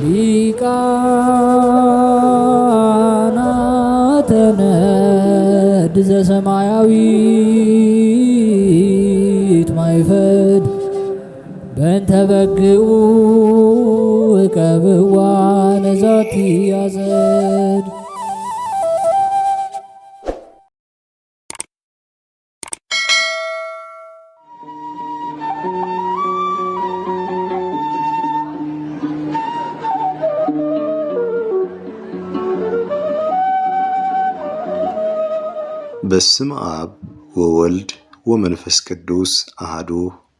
ሊቃናተ ነድ ዘሰማያዊት ማይፈድ በእንተ በግኡ እቀብኡ በስም አብ ወወልድ ወመንፈስ ቅዱስ አህዱ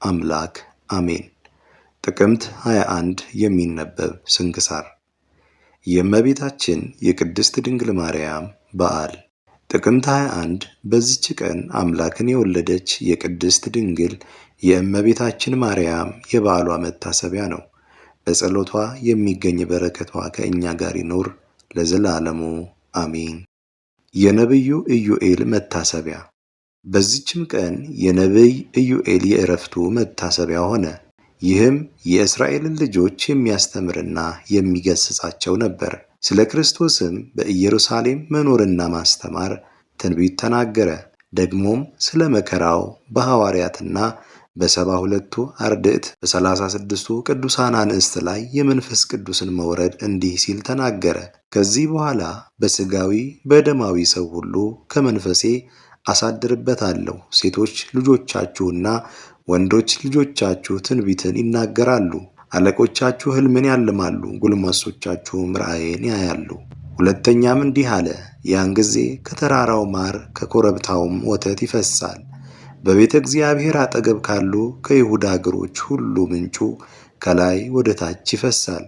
አምላክ አሜን። ጥቅምት 21 የሚነበብ ስንክሳር የእመቤታችን የቅድስት ድንግል ማርያም በዓል ጥቅምት 21 በዚች ቀን አምላክን የወለደች የቅድስት ድንግል የእመቤታችን ማርያም የበዓሏ መታሰቢያ ነው። በጸሎቷ የሚገኝ በረከቷ ከእኛ ጋር ይኖር ለዘላለሙ አሜን። የነቢዩ ኢዩኤል መታሰቢያ። በዚችም ቀን የነቢይ ኢዩኤል የእረፍቱ መታሰቢያ ሆነ። ይህም የእስራኤልን ልጆች የሚያስተምርና የሚገስጻቸው ነበር። ስለ ክርስቶስም በኢየሩሳሌም መኖርና ማስተማር ትንቢት ተናገረ። ደግሞም ስለ መከራው በሐዋርያትና በሰባ ሁለቱ አርድእት በሰላሳ ስድስቱ ቅዱሳን አንስት ላይ የመንፈስ ቅዱስን መውረድ እንዲህ ሲል ተናገረ። ከዚህ በኋላ በስጋዊ በደማዊ ሰው ሁሉ ከመንፈሴ አሳድርበታለሁ። ሴቶች ልጆቻችሁና ወንዶች ልጆቻችሁ ትንቢትን ይናገራሉ፣ አለቆቻችሁ ሕልምን ያልማሉ፣ ጎልማሶቻችሁም ራእይን ያያሉ። ሁለተኛም እንዲህ አለ። ያን ጊዜ ከተራራው ማር ከኮረብታውም ወተት ይፈሳል። በቤተ እግዚአብሔር አጠገብ ካሉ ከይሁዳ አገሮች ሁሉ ምንጩ ከላይ ወደ ታች ይፈሳል።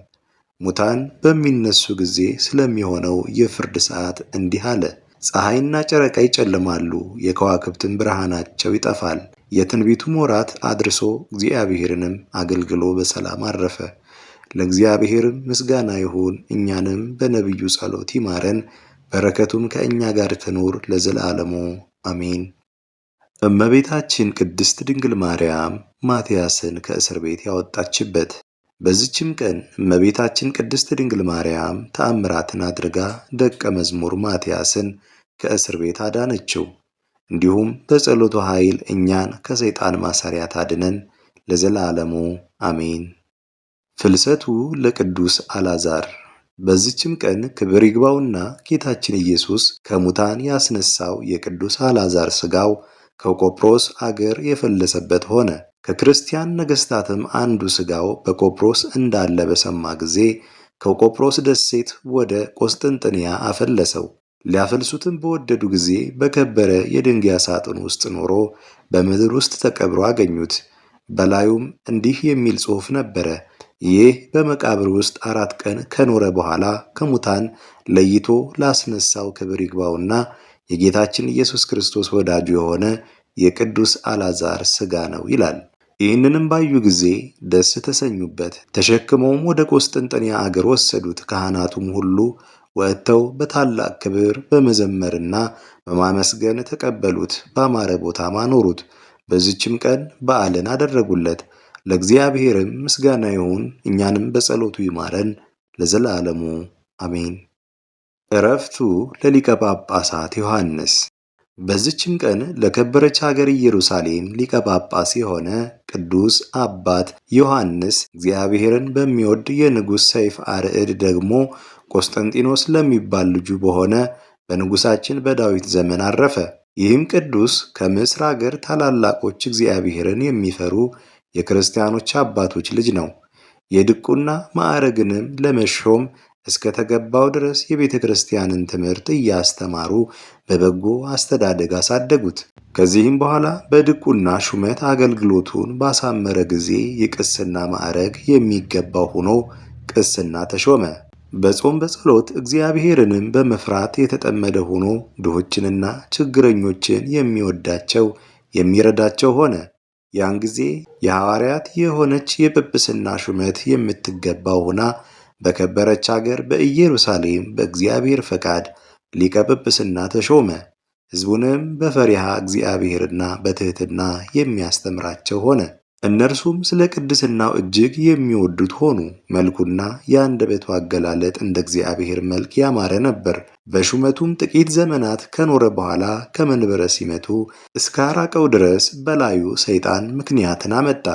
ሙታን በሚነሱ ጊዜ ስለሚሆነው የፍርድ ሰዓት እንዲህ አለ። ፀሐይና ጨረቃ ይጨልማሉ፣ የከዋክብትን ብርሃናቸው ይጠፋል። የትንቢቱ ወራት አድርሶ እግዚአብሔርንም አገልግሎ በሰላም አረፈ። ለእግዚአብሔር ምስጋና ይሁን፣ እኛንም በነቢዩ ጸሎት ይማረን፣ በረከቱም ከእኛ ጋር ትኑር ለዘላለሙ አሜን። እመቤታችን ቅድስት ድንግል ማርያም ማትያስን ከእስር ቤት ያወጣችበት በዚችም ቀን እመቤታችን ቅድስት ድንግል ማርያም ተአምራትን አድርጋ ደቀ መዝሙር ማትያስን ከእስር ቤት አዳነችው። እንዲሁም በጸሎቱ ኃይል እኛን ከሰይጣን ማሰሪያ ታድነን ለዘላለሙ አሜን። ፍልሰቱ ለቅዱስ አላዛር በዚችም ቀን ክብር ይግባውና ጌታችን ኢየሱስ ከሙታን ያስነሳው የቅዱስ አላዛር ሥጋው ከቆጵሮስ አገር የፈለሰበት ሆነ። ከክርስቲያን ነገሥታትም አንዱ ሥጋው በቆጵሮስ እንዳለ በሰማ ጊዜ ከቆጵሮስ ደሴት ወደ ቆስጥንጥንያ አፈለሰው። ሊያፈልሱትም በወደዱ ጊዜ በከበረ የድንጋይ ሳጥን ውስጥ ኖሮ በምድር ውስጥ ተቀብሮ አገኙት። በላዩም እንዲህ የሚል ጽሑፍ ነበረ። ይህ በመቃብር ውስጥ አራት ቀን ከኖረ በኋላ ከሙታን ለይቶ ላስነሳው ክብር ይግባውና የጌታችን ኢየሱስ ክርስቶስ ወዳጁ የሆነ የቅዱስ አልዓዛር ሥጋ ነው ይላል። ይህንንም ባዩ ጊዜ ደስ ተሰኙበት። ተሸክመውም ወደ ቆስጥንጥንያ አገር ወሰዱት። ካህናቱም ሁሉ ወጥተው በታላቅ ክብር በመዘመርና በማመስገን ተቀበሉት፣ ባማረ ቦታም አኖሩት። በዚችም ቀን በዓልን አደረጉለት። ለእግዚአብሔርም ምስጋና ይሁን፣ እኛንም በጸሎቱ ይማረን ለዘላለሙ አሜን። እረፍቱ ለሊቀ ጳጳሳት ዮሐንስ። በዚችም ቀን ለከበረች ሀገር ኢየሩሳሌም ሊቀ ጳጳስ የሆነ ቅዱስ አባት ዮሐንስ እግዚአብሔርን በሚወድ የንጉሥ ሰይፍ አርዕድ ደግሞ ቆስጠንጢኖስ ለሚባል ልጁ በሆነ በንጉሳችን በዳዊት ዘመን አረፈ። ይህም ቅዱስ ከምስር አገር ታላላቆች እግዚአብሔርን የሚፈሩ የክርስቲያኖች አባቶች ልጅ ነው። የድቁና ማዕረግንም ለመሾም እስከተገባው ድረስ የቤተ ክርስቲያንን ትምህርት እያስተማሩ በበጎ አስተዳደግ አሳደጉት። ከዚህም በኋላ በድቁና ሹመት አገልግሎቱን ባሳመረ ጊዜ የቅስና ማዕረግ የሚገባው ሆኖ ቅስና ተሾመ። በጾም በጸሎት እግዚአብሔርንም በመፍራት የተጠመደ ሆኖ ድሆችንና ችግረኞችን የሚወዳቸው የሚረዳቸው ሆነ። ያን ጊዜ የሐዋርያት የሆነች የጵጵስና ሹመት የምትገባው ሆና በከበረች አገር በኢየሩሳሌም በእግዚአብሔር ፈቃድ ሊቀ ጵጵስና ተሾመ። ሕዝቡንም በፈሪሃ እግዚአብሔርና በትሕትና የሚያስተምራቸው ሆነ። እነርሱም ስለ ቅድስናው እጅግ የሚወዱት ሆኑ። መልኩና የአንደበቱ አገላለጥ እንደ እግዚአብሔር መልክ ያማረ ነበር። በሹመቱም ጥቂት ዘመናት ከኖረ በኋላ ከመንበረ ሲመቱ እስከ አራቀው ድረስ በላዩ ሰይጣን ምክንያትን አመጣ።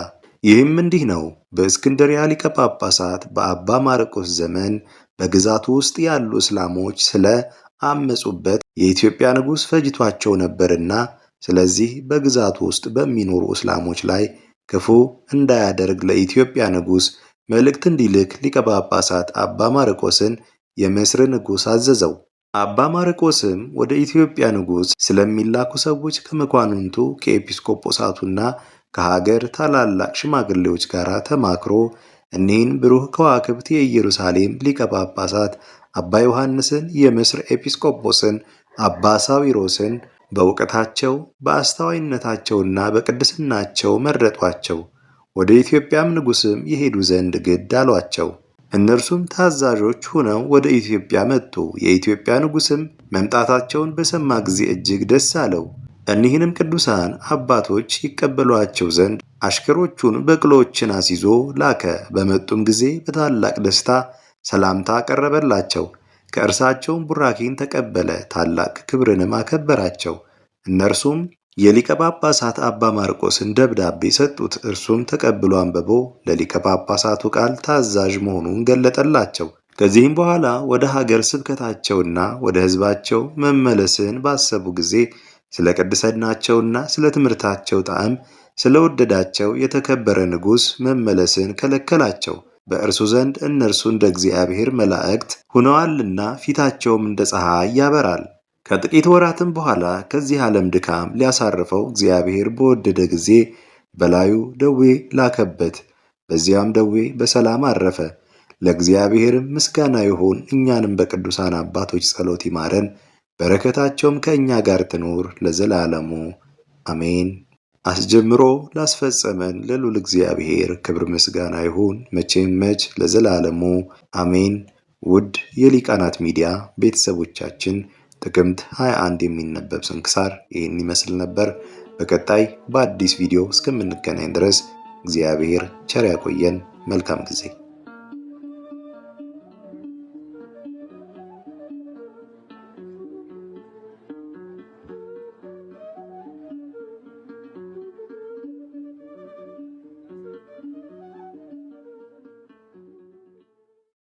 ይህም እንዲህ ነው። በእስክንድርያ ሊቀ ጳጳሳት በአባ ማርቆስ ዘመን በግዛቱ ውስጥ ያሉ እስላሞች ስለ አመፁበት የኢትዮጵያ ንጉሥ ፈጅቷቸው ነበርና ስለዚህ በግዛቱ ውስጥ በሚኖሩ እስላሞች ላይ ክፉ እንዳያደርግ ለኢትዮጵያ ንጉሥ መልእክት እንዲልክ ሊቀ ጳጳሳት አባ ማርቆስን የምስር ንጉሥ አዘዘው። አባ ማርቆስም ወደ ኢትዮጵያ ንጉሥ ስለሚላኩ ሰዎች ከመኳንንቱ ከኤጲስቆጶሳቱና ከሀገር ታላላቅ ሽማግሌዎች ጋር ተማክሮ እኒህን ብሩህ ከዋክብት የኢየሩሳሌም ሊቀ ጳጳሳት አባ ዮሐንስን የምስር ኤጲስቆጶስን አባ ሳዊሮስን በእውቀታቸው በአስተዋይነታቸውና በቅድስናቸው መረጧቸው። ወደ ኢትዮጵያም ንጉሥም የሄዱ ዘንድ ግድ አሏቸው። እነርሱም ታዛዦች ሆነው ወደ ኢትዮጵያ መጡ። የኢትዮጵያ ንጉሥም መምጣታቸውን በሰማ ጊዜ እጅግ ደስ አለው። እኒህንም ቅዱሳን አባቶች ይቀበሏቸው ዘንድ አሽከሮቹን በቅሎችን አስይዞ ላከ። በመጡም ጊዜ በታላቅ ደስታ ሰላምታ አቀረበላቸው። ከእርሳቸውም ቡራኪን ተቀበለ፣ ታላቅ ክብርንም አከበራቸው። እነርሱም የሊቀ ጳጳሳት አባ ማርቆስን ደብዳቤ ሰጡት። እርሱም ተቀብሎ አንብቦ ለሊቀ ጳጳሳቱ ቃል ታዛዥ መሆኑን ገለጠላቸው። ከዚህም በኋላ ወደ ሀገር ስብከታቸውና ወደ ሕዝባቸው መመለስን ባሰቡ ጊዜ ስለ ቅድስናቸውና ስለ ትምህርታቸው ጣዕም ስለ ወደዳቸው የተከበረ ንጉሥ መመለስን ከለከላቸው። በእርሱ ዘንድ እነርሱ እንደ እግዚአብሔር መላእክት ሁነዋልና ፊታቸውም እንደ ፀሐይ ያበራል። ከጥቂት ወራትም በኋላ ከዚህ ዓለም ድካም ሊያሳርፈው እግዚአብሔር በወደደ ጊዜ በላዩ ደዌ ላከበት። በዚያም ደዌ በሰላም አረፈ። ለእግዚአብሔርም ምስጋና ይሁን፣ እኛንም በቅዱሳን አባቶች ጸሎት ይማረን በረከታቸውም ከእኛ ጋር ትኖር ለዘላለሙ አሜን። አስጀምሮ ላስፈጸመን ለልዑል እግዚአብሔር ክብር ምስጋና ይሁን መቼም መች ለዘላለሙ አሜን። ውድ የሊቃናት ሚዲያ ቤተሰቦቻችን ጥቅምት 21 የሚነበብ ስንክሳር ይህን ይመስል ነበር። በቀጣይ በአዲስ ቪዲዮ እስከምንገናኝ ድረስ እግዚአብሔር ቸር ያቆየን። መልካም ጊዜ